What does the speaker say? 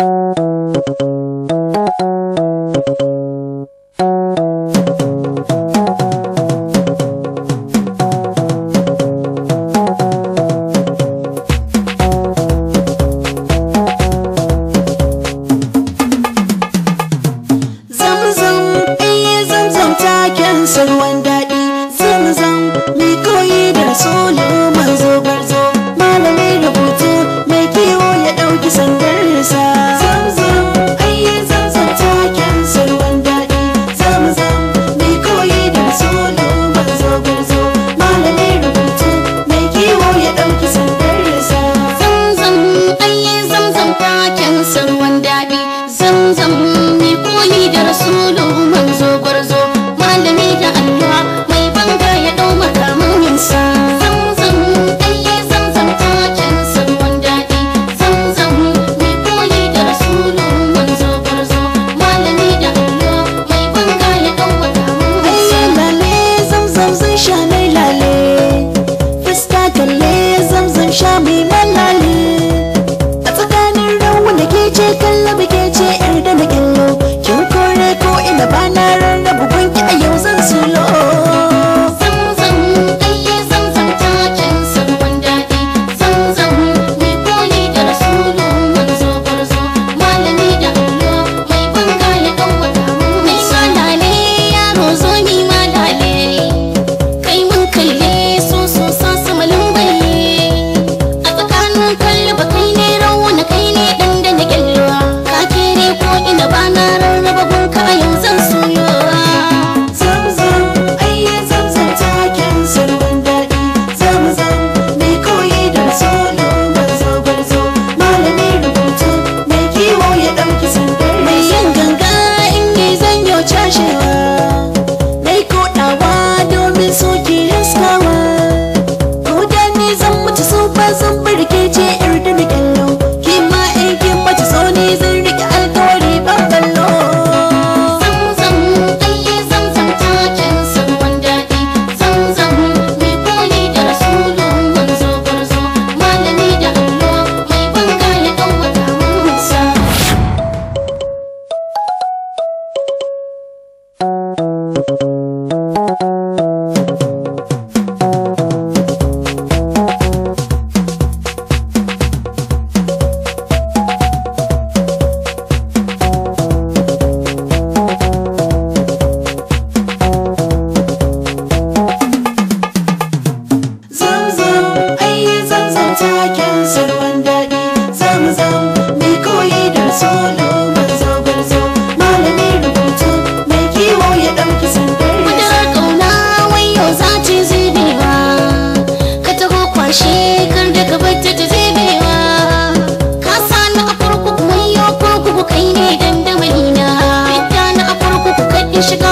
Zam eh, zam, iya zam zam, salwanda. şahane you should